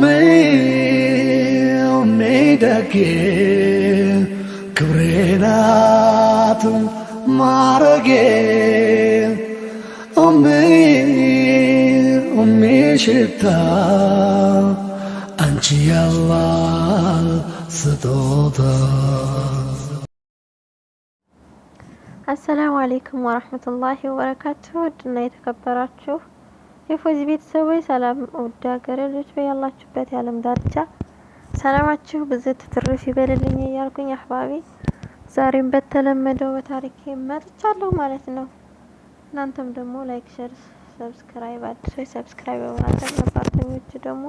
ሜሜደጌ ክብሬናት ማረጌ ሽታ አንቺ ያላል ስጦታ። አሰላሙ አሌይኩም ወረህመቱላሂ ወበረካቱሁ። ውድና የተከበራችሁ የፎዚ ቤተሰቦች ሰላም ውድ ሀገሬ ልጆች በያላችሁበት የዓለም ዳርቻ ሰላማችሁ ብዝት ትርፍ ይበልልኝ እያልኩኝ አህባቢ ዛሬም በተለመደው በታሪክ መጥቻለሁ ማለት ነው። እናንተም ደግሞ ላይክ፣ ሸር፣ ሰብስክራይብ አዲሶች ሰብስክራይብ በማድረግ ነባርተኞች ደግሞ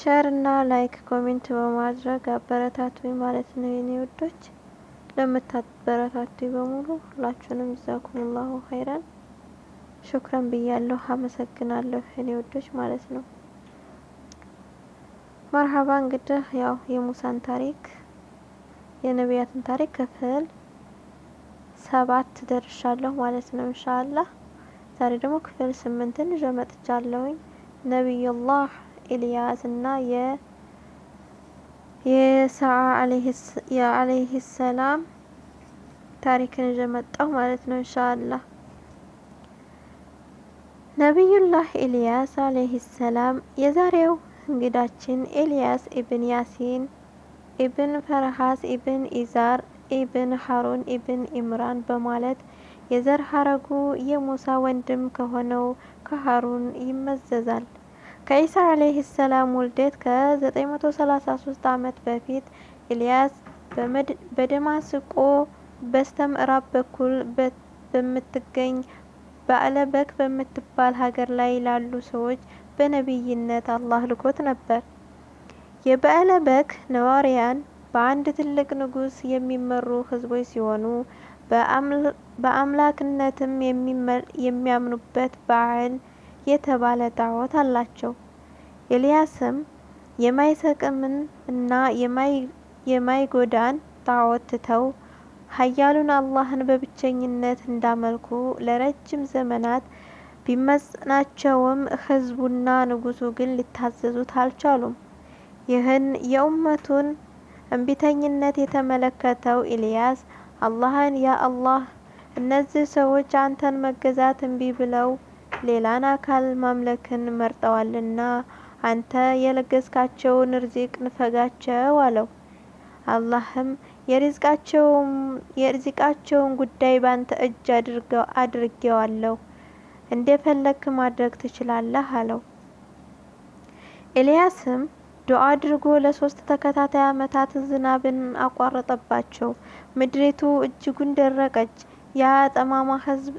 ሸር እና ላይክ ኮሜንት በማድረግ አበረታቱኝ ማለት ነው። የኔ ውዶች ለምታበረታቱኝ በሙሉ ሁላችሁንም ጀዛኩሙላሁ ኸይረን ሹክረን ብያለሁ፣ አመሰግናለሁ እኔ ውዶች ማለት ነው። መርሀባ እንግዲህ ያው የሙሳን ታሪክ የነቢያትን ታሪክ ክፍል ሰባት ደርሻለሁ ማለት ነው። እንሻላ ዛሬ ደግሞ ክፍል ስምንትን ይዤ መጥቻለሁኝ። ነቢዩላህ ኢልያስ እና የ የሰዓ አለይሂ ሰላም ታሪክን ይዤ መጣሁ ማለት ነው እንሻላ። ነቢዩላህ ኤልያስ አለይሂ ሰላም። የዛሬው እንግዳችን ኤልያስ ኢብን ያሲን ኢብን ፈርሃስ ኢብን ኢዛር ኢብን ሀሩን ኢብን ኢምራን በማለት የዘር ሀረጉ የሙሳ ወንድም ከሆነው ከሀሩን ይመዘዛል። ከኢሳ አለይሂ ሰላም ውልደት ከ933 ዓመት በፊት ኤልያስ በደማስቆ በስተ ምዕራብ በኩል በምትገኝ በአለበክ በምትባል ሀገር ላይ ላሉ ሰዎች በነቢይነት አላህ ልኮት ነበር። የበአለበክ ነዋሪያን በአንድ ትልቅ ንጉስ የሚመሩ ህዝቦች ሲሆኑ በአምላክነትም የሚያምኑበት በዓል የተባለ ጣዖት አላቸው። ኤልያስም የማይሰቅምን እና የማይጎዳን ጣዖት ትተው ሀያሉን አላህን በብቸኝነት እንዳመልኩ ለረጅም ዘመናት ቢመጽናቸውም ህዝቡና ንጉሱ ግን ሊታዘዙት አልቻሉም። ይህን የኡመቱን እምቢተኝነት የተመለከተው ኢልያስ አላህን ያ አላህ እነዚህ ሰዎች አንተን መገዛት እምቢ ብለው ሌላን አካል ማምለክን መርጠዋልና አንተ የለገስካቸውን ርዚቅ ንፈጋቸው አለው። አላህም የርዝቃቸውን ጉዳይ ባንተ እጅ አድርጌዋለሁ፣ እንደፈለክ ማድረግ ትችላለህ አለው። ኤልያስም ዱአ አድርጎ ለሶስት ተከታታይ አመታት ዝናብን አቋረጠባቸው። ምድሪቱ እጅጉን ደረቀች። ያ ጠማማ ሕዝብ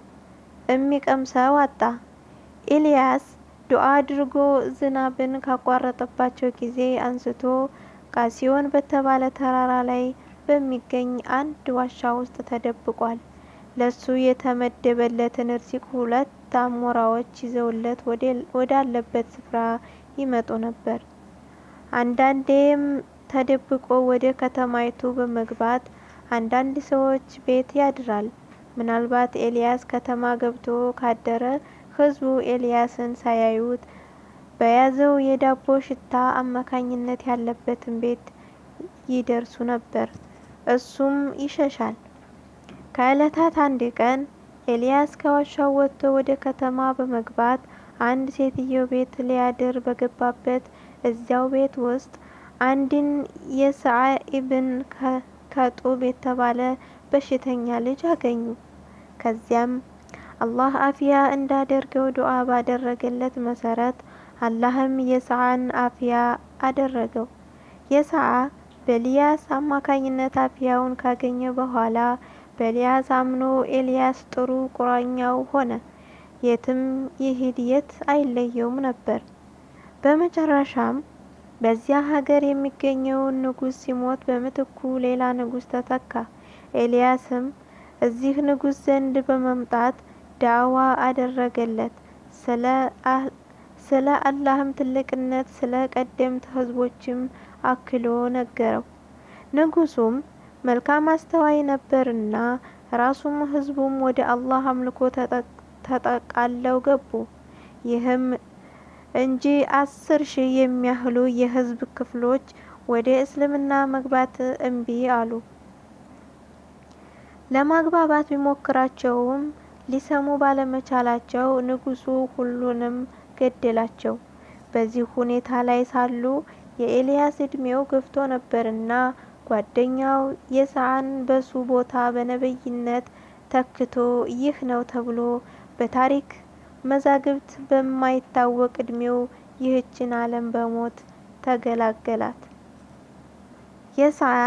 እሚቀምሰው አጣ። ኤልያስ ዱዓ አድርጎ ዝናብን ካቋረጠባቸው ጊዜ አንስቶ ቃሲዮን በተባለ ተራራ ላይ በሚገኝ አንድ ዋሻ ውስጥ ተደብቋል። ለሱ የተመደበለትን ሪዝቅ ሁለት አሞራዎች ይዘውለት ወዳለበት ስፍራ ይመጡ ነበር። አንዳንዴም ተደብቆ ወደ ከተማይቱ በመግባት አንዳንድ ሰዎች ቤት ያድራል። ምናልባት ኤልያስ ከተማ ገብቶ ካደረ ህዝቡ ኤልያስን ሳያዩት በያዘው የዳቦ ሽታ አማካኝነት ያለበትን ቤት ይደርሱ ነበር። እሱም ይሸሻል። ከእለታት አንድ ቀን ኤልያስ ከዋሻው ወጥቶ ወደ ከተማ በመግባት አንድ ሴትዮ ቤት ሊያድር በገባበት እዚያው ቤት ውስጥ አንድን የሰዓ ኢብን ከጡብ የተባለ በሽተኛ ልጅ አገኙ። ከዚያም አላህ አፍያ እንዳደርገው ዱዓ ባደረገለት መሰረት አላህም የሰዓን አፍያ አደረገው። የሰዓ በኤልያስ አማካኝነት አብያውን ካገኘ በኋላ በኤልያስ አምኖ ኤልያስ ጥሩ ቁራኛው ሆነ። የትም ይሂድ የት አይለየውም ነበር። በመጨረሻም በዚያ ሀገር የሚገኘውን ንጉስ ሲሞት በምትኩ ሌላ ንጉስ ተተካ። ኤልያስም እዚህ ንጉስ ዘንድ በመምጣት ዳዋ አደረገለት። ስለ አላህም ትልቅነት ስለ ቀደምት ህዝቦችም አክሎ ነገረው። ንጉሱም መልካም አስተዋይ ነበርና ራሱም ህዝቡም ወደ አላህ አምልኮ ተጠቃለው ገቡ። ይህም እንጂ አስር ሺህ የሚያህሉ የህዝብ ክፍሎች ወደ እስልምና መግባት እምቢ አሉ። ለማግባባት ቢሞክራቸውም ሊሰሙ ባለመቻላቸው ንጉሱ ሁሉንም ገደላቸው። በዚህ ሁኔታ ላይ ሳሉ የኤልያስ ዕድሜው ገፍቶ ነበርና ጓደኛው የሰዓን በሱ ቦታ በነብይነት ተክቶ ይህ ነው ተብሎ በታሪክ መዛግብት በማይታወቅ ዕድሜው ይህችን ዓለም በሞት ተገላገላት። የሰዓ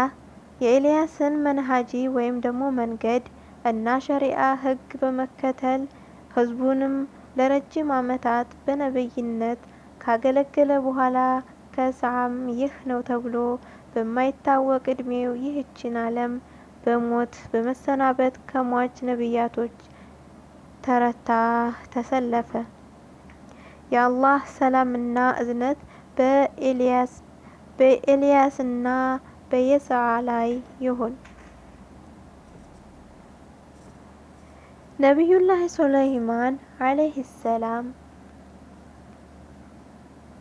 የኤልያስን መንሃጂ ወይም ደግሞ መንገድ እና ሸሪዓ ህግ በመከተል ህዝቡንም ለረጅም ዓመታት በነብይነት ካገለገለ በኋላ ከሰዓም ይህ ነው ተብሎ በማይታወቅ እድሜው ይህችን ዓለም በሞት በመሰናበት ከሟች ነቢያቶች ተረታ ተሰለፈ። የአላህ ሰላምና እዝነት በኤልያስና በየስዓ ላይ ይሁን። ነቢዩላህ ሱለይማን አለይህ ሰላም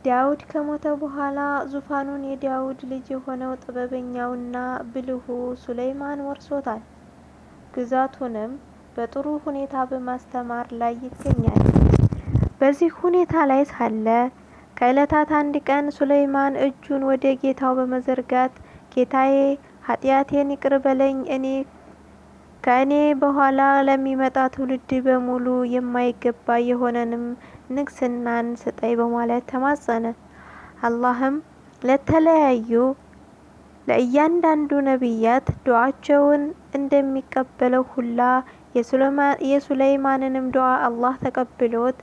ዳውድ ከሞተ በኋላ ዙፋኑን የዳውድ ልጅ የሆነው ጥበበኛውና ብልሁ ሱለይማን ወርሶታል። ግዛቱንም በጥሩ ሁኔታ በማስተማር ላይ ይገኛል። በዚህ ሁኔታ ላይ ሳለ ከዕለታት አንድ ቀን ሱለይማን እጁን ወደ ጌታው በመዘርጋት ጌታዬ ኃጢአቴን ይቅር በለኝ እኔ ከእኔ በኋላ ለሚመጣ ትውልድ በሙሉ የማይገባ የሆነንም ንግስናን ስጠይ በማለት ተማጸነ። አላህም ለተለያዩ ለእያንዳንዱ ነቢያት ዱዓቸውን እንደሚቀበለው ሁላ የሱለይማንንም ዱዓ አላህ ተቀብሎት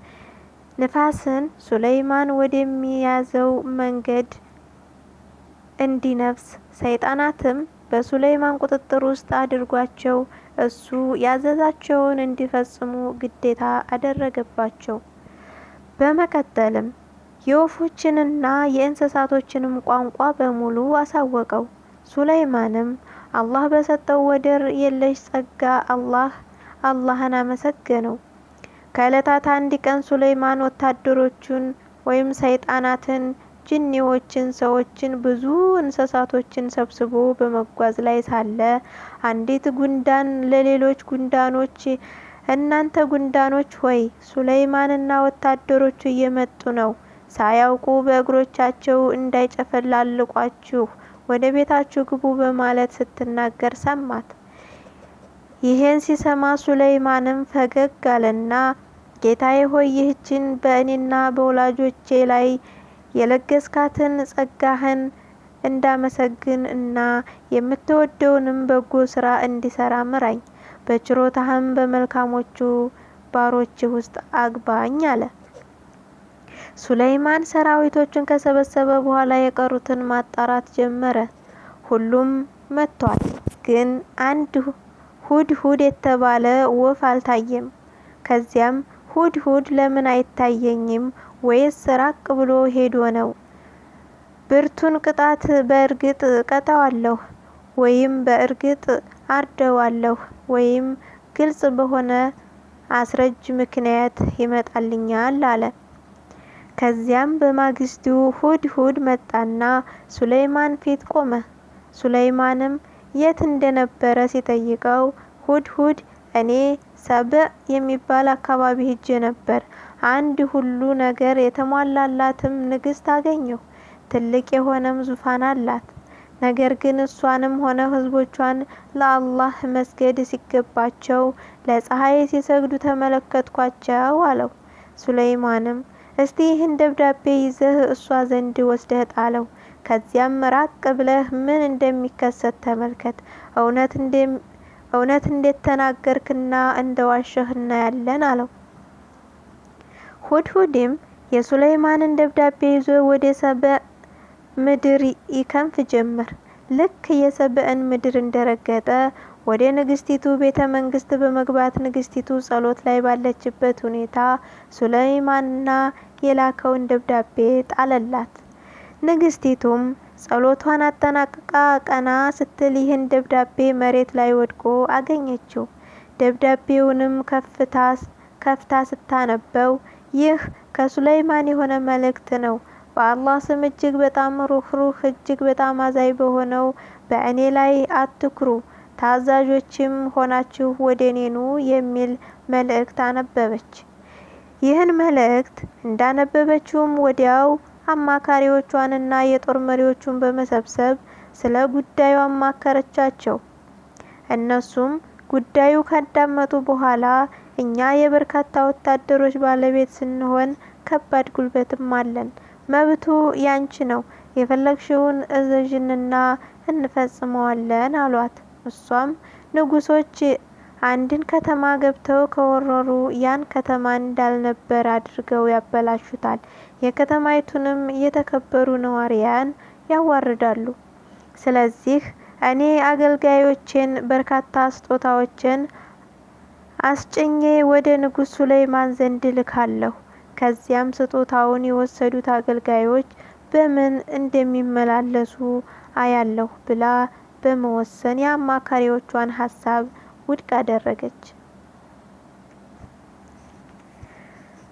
ንፋስን ሱለይማን ወደሚያዘው መንገድ እንዲነፍስ ሰይጣናትም በሱለይማን ቁጥጥር ውስጥ አድርጓቸው እሱ ያዘዛቸውን እንዲፈጽሙ ግዴታ አደረገባቸው። በመቀጠልም የወፎችንና የእንስሳቶችንም ቋንቋ በሙሉ አሳወቀው። ሱለይማንም አላህ በሰጠው ወደር የለሽ ጸጋ አላህ አላህን አመሰገነው። ከእለታት አንድ ቀን ሱለይማን ወታደሮቹን ወይም ሰይጣናትን፣ ጅኒዎችን፣ ሰዎችን፣ ብዙ እንስሳቶችን ሰብስቦ በመጓዝ ላይ ሳለ አንዲት ጉንዳን ለሌሎች ጉንዳኖች እናንተ ጉንዳኖች ሆይ ሱለይማንና ወታደሮቹ እየመጡ ነው። ሳያውቁ በእግሮቻቸው እንዳይጨፈላልቋችሁ ወደ ቤታችሁ ግቡ በማለት ስትናገር ሰማት። ይሄን ሲሰማ ሱለይማንም ፈገግ አለና ጌታዬ ሆይ ይህችን በእኔና በወላጆቼ ላይ የለገስካትን ጸጋህን እንዳመሰግን እና የምትወደውንም በጎ ስራ እንዲሰራ ምራኝ በችሮታህም በመልካሞቹ ባሮች ውስጥ አግባኝ አለ። ሱለይማን ሰራዊቶችን ከሰበሰበ በኋላ የቀሩትን ማጣራት ጀመረ። ሁሉም መጥቷል፣ ግን አንድ ሁድ ሁድ የተባለ ወፍ አልታየም። ከዚያም ሁድ ሁድ ለምን አይታየኝም? ወይስ ራቅ ብሎ ሄዶ ነው? ብርቱን ቅጣት በእርግጥ ቀጣዋለሁ ወይም በእርግጥ አርደዋለሁ ወይም ግልጽ በሆነ አስረጅ ምክንያት ይመጣልኛል አለ። ከዚያም በማግስቱ ሁድ ሁድ መጣና ሱለይማን ፊት ቆመ። ሱለይማንም የት እንደነበረ ሲጠይቀው ሁድ ሁድ እኔ ሰብእ የሚባል አካባቢ ሄጄ ነበር። አንድ ሁሉ ነገር የተሟላላትም ንግስት አገኘሁ። ትልቅ የሆነም ዙፋን አላት። ነገር ግን እሷንም ሆነ ህዝቦቿን ለአላህ መስገድ ሲገባቸው ለፀሐይ ሲሰግዱ ተመለከትኳቸው አለው። ሱለይማንም እስቲ ይህን ደብዳቤ ይዘህ እሷ ዘንድ ወስደህ ጣለው። ከዚያም ራቅ ብለህ ምን እንደሚከሰት ተመልከት። እውነት እንዴት ተናገርክና እንደ ዋሸህ እናያለን አለው። ሁድሁድም የሱለይማንን ደብዳቤ ይዞ ወደ ምድር ይከንፍ ጀመር። ልክ የሰብእን ምድር እንደረገጠ ወደ ንግስቲቱ ቤተ መንግስት በመግባት ንግስቲቱ ጸሎት ላይ ባለችበት ሁኔታ ሱለይማንና የላከውን ደብዳቤ ጣለላት። ንግስቲቱም ጸሎቷን አጠናቅቃ ቀና ስትል ይህን ደብዳቤ መሬት ላይ ወድቆ አገኘችው። ደብዳቤውንም ከፍታ ስታነበው ይህ ከሱለይማን የሆነ መልእክት ነው በአላህ ስም እጅግ በጣም ሩህሩህ እጅግ በጣም አዛይ በሆነው በእኔ ላይ አትኩሩ ታዛዦችም ሆናችሁ ወደ እኔ የሚል መልእክት አነበበች። ይህን መልእክት እንዳነበበችውም ወዲያው አማካሪዎቿንና የጦር መሪዎቹን በመሰብሰብ ስለ ጉዳዩ አማከረቻቸው። እነሱም ጉዳዩ ካዳመጡ በኋላ እኛ የበርካታ ወታደሮች ባለቤት ስንሆን ከባድ ጉልበትም አለን መብቱ ያንቺ ነው፣ የፈለግሽውን እዘዥንና እንፈጽመዋለን አሏት። እሷም ንጉሶች አንድን ከተማ ገብተው ከወረሩ ያን ከተማ እንዳልነበር አድርገው ያበላሹታል፣ የከተማይቱንም የተከበሩ ነዋሪያን ያዋርዳሉ። ስለዚህ እኔ አገልጋዮቼን በርካታ ስጦታዎችን አስጭኜ ወደ ንጉሱ ሱለይማን ዘንድ ልካለሁ። ከዚያም ስጦታውን የወሰዱት አገልጋዮች በምን እንደሚመላለሱ አያለሁ ብላ በመወሰን የአማካሪዎቿን ሀሳብ ውድቅ አደረገች።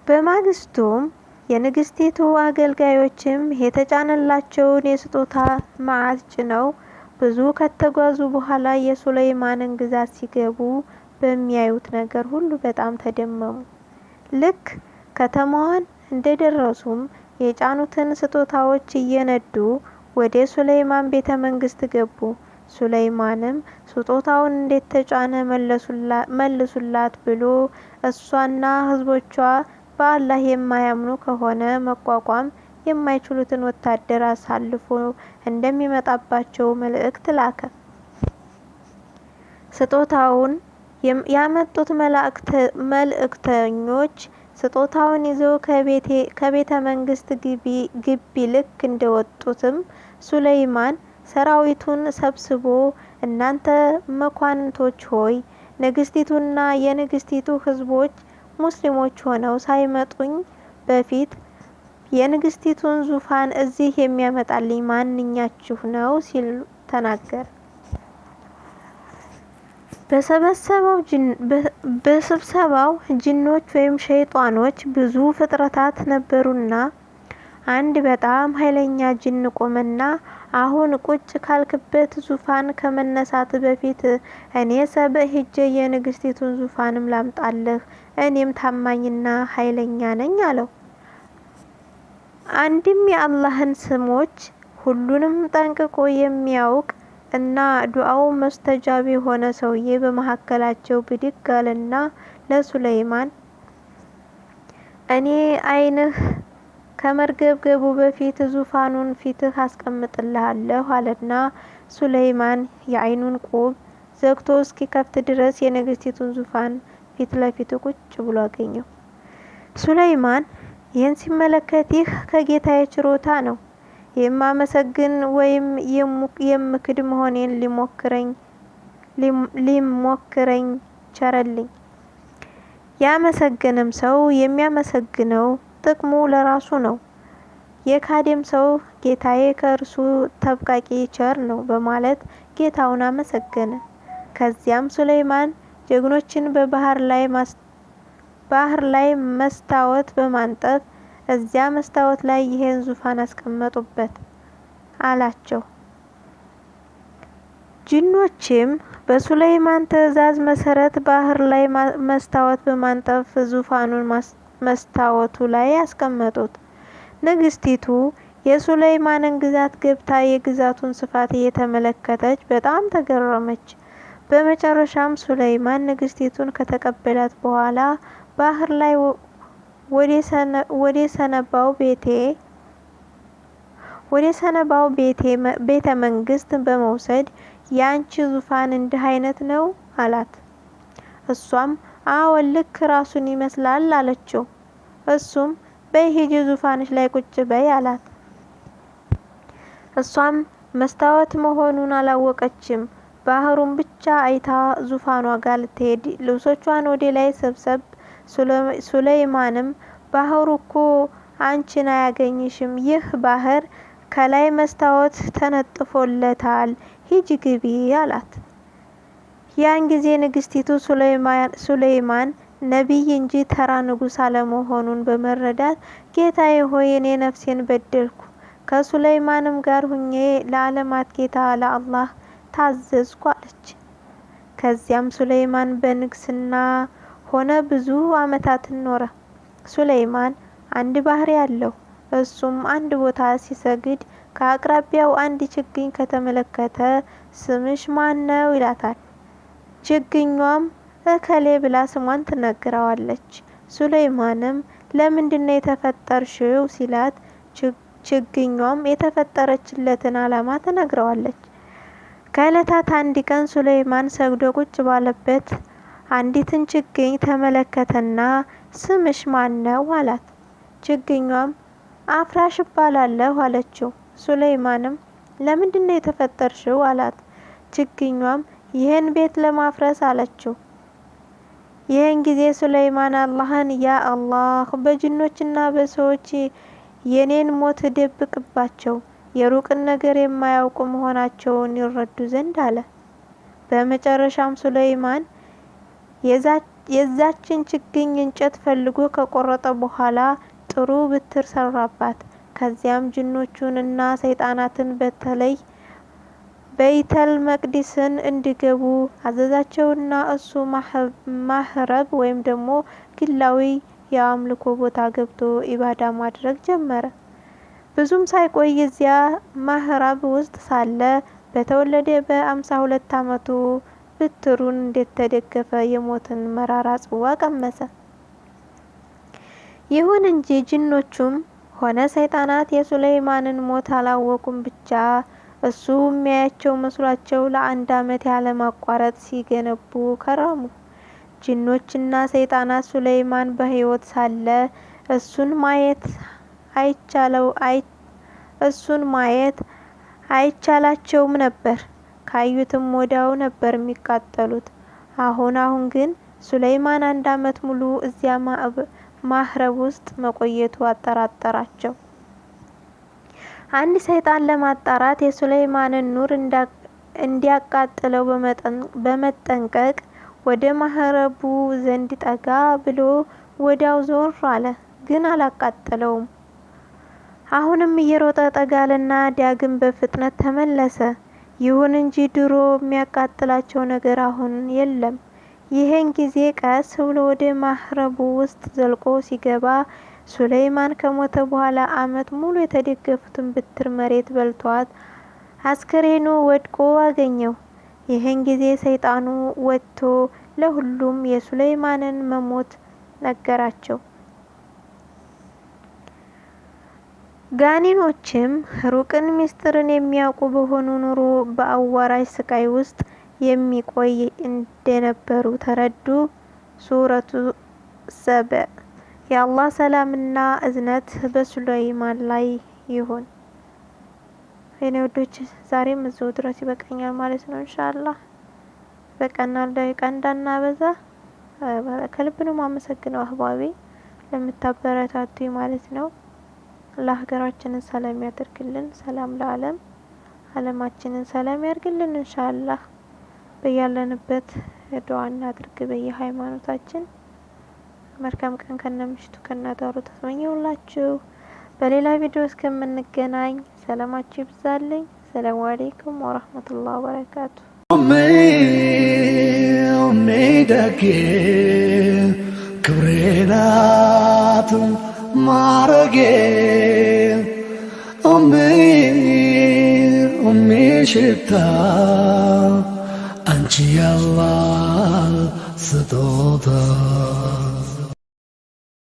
በማግስቱም የንግስቲቱ አገልጋዮችም የተጫነላቸውን የስጦታ መዓት ጭነው ብዙ ከተጓዙ በኋላ የሱለይማንን ግዛት ሲገቡ በሚያዩት ነገር ሁሉ በጣም ተደመሙ። ልክ ከተማዋን እንደደረሱም የጫኑትን ስጦታዎች እየነዱ ወደ ሱለይማን ቤተ መንግስት ገቡ። ሱለይማንም ስጦታውን እንዴት ተጫነ መልሱላት ብሎ እሷና ህዝቦቿ በአላህ የማያምኑ ከሆነ መቋቋም የማይችሉትን ወታደር አሳልፎ እንደሚመጣባቸው መልእክት ላከ። ስጦታውን ያመጡት መልእክተኞች ስጦታውን ይዘው ከቤተ መንግስት ግቢ ልክ እንደወጡትም ሱለይማን ሰራዊቱን ሰብስቦ እናንተ መኳንንቶች ሆይ ንግስቲቱና የንግስቲቱ ህዝቦች ሙስሊሞች ሆነው ሳይመጡኝ በፊት የንግስቲቱን ዙፋን እዚህ የሚያመጣልኝ ማንኛችሁ ነው ሲል ተናገር በስብሰባው ጅኖች ወይም ሸይጣኖች ብዙ ፍጥረታት ነበሩና አንድ በጣም ኃይለኛ ጅን ቆመና አሁን ቁጭ ካልክበት ዙፋን ከመነሳት በፊት እኔ ሰበ ሂጄ የንግስቲቱን ዙፋንም ላምጣለህ እኔም ታማኝና ኃይለኛ ነኝ አለው። አንድም የአላህን ስሞች ሁሉንም ጠንቅቆ የሚያውቅ እና ዱአው መስተጃቢ የሆነ ሰውዬ በመካከላቸው ብድግ አለና ለሱለይማን እኔ አይንህ ከመርገብገቡ በፊት ዙፋኑን ፊትህ አስቀምጥልሃለሁ አለና ሱለይማን የአይኑን ቁብ ዘግቶ እስኪ ከፍት ድረስ የንግስቲቱን ዙፋን ፊት ለፊቱ ቁጭ ብሎ አገኘው። ሱለይማን ይህን ሲመለከት ይህ ከጌታዬ ችሮታ ነው የማመሰግን ወይም የምክድ መሆኔን ሊሞክረኝ ሊሞክረኝ ቸረልኝ። ያመሰገነም ሰው የሚያመሰግነው ጥቅሙ ለራሱ ነው። የካዴም ሰው ጌታዬ ከእርሱ ተብቃቂ ቸር ነው በማለት ጌታውን አመሰገነ። ከዚያም ሱለይማን ጀግኖችን በባህር ላይ መስታወት በማንጠፍ እዚያ መስታወት ላይ ይሄን ዙፋን አስቀመጡበት አላቸው። ጅኖችም በሱለይማን ትእዛዝ መሰረት ባህር ላይ መስታወት በማንጠፍ ዙፋኑን መስታወቱ ላይ አስቀመጡት። ንግስቲቱ የሱለይማንን ግዛት ገብታ የግዛቱን ስፋት እየተመለከተች በጣም ተገረመች። በመጨረሻም ሱለይማን ንግስቲቱን ከተቀበላት በኋላ ባህር ላይ ወደ ሰነባው ቤተ መንግስት በመውሰድ የአንቺ ዙፋን እንዲህ አይነት ነው አላት። እሷም አዎን ልክ ራሱን ይመስላል አለችው። እሱም በሄጂ ዙፋንሽ ላይ ቁጭ በይ አላት። እሷም መስታወት መሆኑን አላወቀችም። ባህሩን ብቻ አይታ ዙፋኗ ጋር ልትሄድ ልብሶቿን ወደ ላይ ሰብሰብ ሱለይማንም ባህሩ እኮ አንቺን አያገኝሽም፣ ይህ ባህር ከላይ መስታወት ተነጥፎለታል፣ ሂጂ ግቢ አላት። ያን ጊዜ ንግስቲቱ ሱለይማን ነቢይ እንጂ ተራ ንጉሥ አለመሆኑን በመረዳት ጌታዬ ሆይ እኔ ነፍሴን በደልኩ፣ ከሱለይማንም ጋር ሁኜ ለዓለማት ጌታ ለአላህ ታዘዝኩ አለች። ከዚያም ሱለይማን በንግስና ሆነ ብዙ ዓመታትን ኖረ። ሱለይማን አንድ ባህሪ አለው። እሱም አንድ ቦታ ሲሰግድ ከአቅራቢያው አንድ ችግኝ ከተመለከተ ስምሽ ማን ነው ይላታል። ችግኟም እከሌ ብላ ስሟን ትነግረዋለች። ሱለይማንም ለምንድነው የተፈጠርሽው ሲላት ችግኟም የተፈጠረችለትን ዓላማ ትነግረዋለች። ከእለታት አንድ ቀን ሱለይማን ሰግዶ ቁጭ ባለበት አንዲትን ችግኝ ተመለከተና ስምሽ ማን ነው አላት። ችግኟም አፍራሽ እባላለሁ አለችው። ሱለይማንም ለምንድን ነው የተፈጠርሽው አላት። ችግኟም ይህን ቤት ለማፍረስ አለችው። ይህን ጊዜ ሱለይማን አላህን ያ አላህ በጅኖችና በሰዎች የኔን ሞት ደብቅባቸው የሩቅን ነገር የማያውቁ መሆናቸውን ይረዱ ዘንድ አለ። በመጨረሻም ሱለይማን የዛችን ችግኝ እንጨት ፈልጎ ከቆረጠ በኋላ ጥሩ ብትር ሰራባት። ከዚያም ጅኖቹን እና ሰይጣናትን በተለይ በይተል መቅዲስን እንዲገቡ አዘዛቸውና እሱ ማህረብ ወይም ደግሞ ግላዊ የአምልኮ ቦታ ገብቶ ኢባዳ ማድረግ ጀመረ። ብዙም ሳይቆይ እዚያ ማህራብ ውስጥ ሳለ በተወለደ በአምሳ ሁለት አመቱ ብትሩን እንደተደገፈ የሞትን መራራ ጽዋ ቀመሰ። ይሁን እንጂ ጅኖቹም ሆነ ሰይጣናት የሱለይማንን ሞት አላወቁም። ብቻ እሱ የሚያያቸው መስሏቸው ለአንድ ያለ ያለማቋረጥ ሲገነቡ ከረሙ። ጅኖችና ሰይጣናት ሱለይማን በህይወት ሳለ እሱን ማየት አይቻለው እሱን ማየት አይቻላቸውም ነበር። ካዩትም ወዲያው ነበር የሚቃጠሉት። አሁን አሁን ግን ሱለይማን አንድ አመት ሙሉ እዚያ ማህረብ ውስጥ መቆየቱ አጠራጠራቸው። አንድ ሰይጣን ለማጣራት የሱለይማንን ኑር እንዲያቃጥለው በመጠንቀቅ ወደ ማህረቡ ዘንድ ጠጋ ብሎ ወዲያው ዞር አለ፣ ግን አላቃጠለውም። አሁንም እየሮጠ ጠጋለና ዳግም በፍጥነት ተመለሰ። ይሁን እንጂ ድሮ የሚያቃጥላቸው ነገር አሁን የለም። ይህን ጊዜ ቀስ ብሎ ወደ ማህረቡ ውስጥ ዘልቆ ሲገባ ሱለይማን ከሞተ በኋላ አመት ሙሉ የተደገፉትን ብትር መሬት በልቷት አስከሬኑ ወድቆ አገኘው። ይህን ጊዜ ሰይጣኑ ወጥቶ ለሁሉም የሱለይማንን መሞት ነገራቸው። ጋኔኖችም ሩቅን ምስጢርን የሚያውቁ በሆኑ ኑሮ በአዋራጅ ስቃይ ውስጥ የሚቆይ እንደነበሩ ተረዱ። ሱረቱ ሰበ የአላህ ሰላምና እዝነት በሱለይማን ላይ ይሁን። የኔ ወዶች ዛሬም እዚሁ ድረስ ይበቃኛል ማለት ነው። ኢንሻአላህ በቀና ደቂቃ እንዳናበዛ ከልብ ነው ማመሰግነው አህባቢ ለምታበረታቱ ማለት ነው። ለሀገራችንን ሰላም ያደርግልን። ሰላም ለዓለም አለማችንን ሰላም ያድርግልን። እንሻአላህ በያለንበት ዱዓ እናድርግ። በየሃይማኖታችን መልካም ቀን ከነምሽቱ ከነዳሩ ተመኘውላችሁ። በሌላ ቪዲዮ እስከምንገናኝ ሰላማችሁ ይብዛልኝ። ሰላሙ አሌይኩም ወረህመቱላህ ወበረካቱ። ሜ ደጌ ማረጌ ኦሜ ኦሜ ሽታ አንቺ ያላ ስጦታ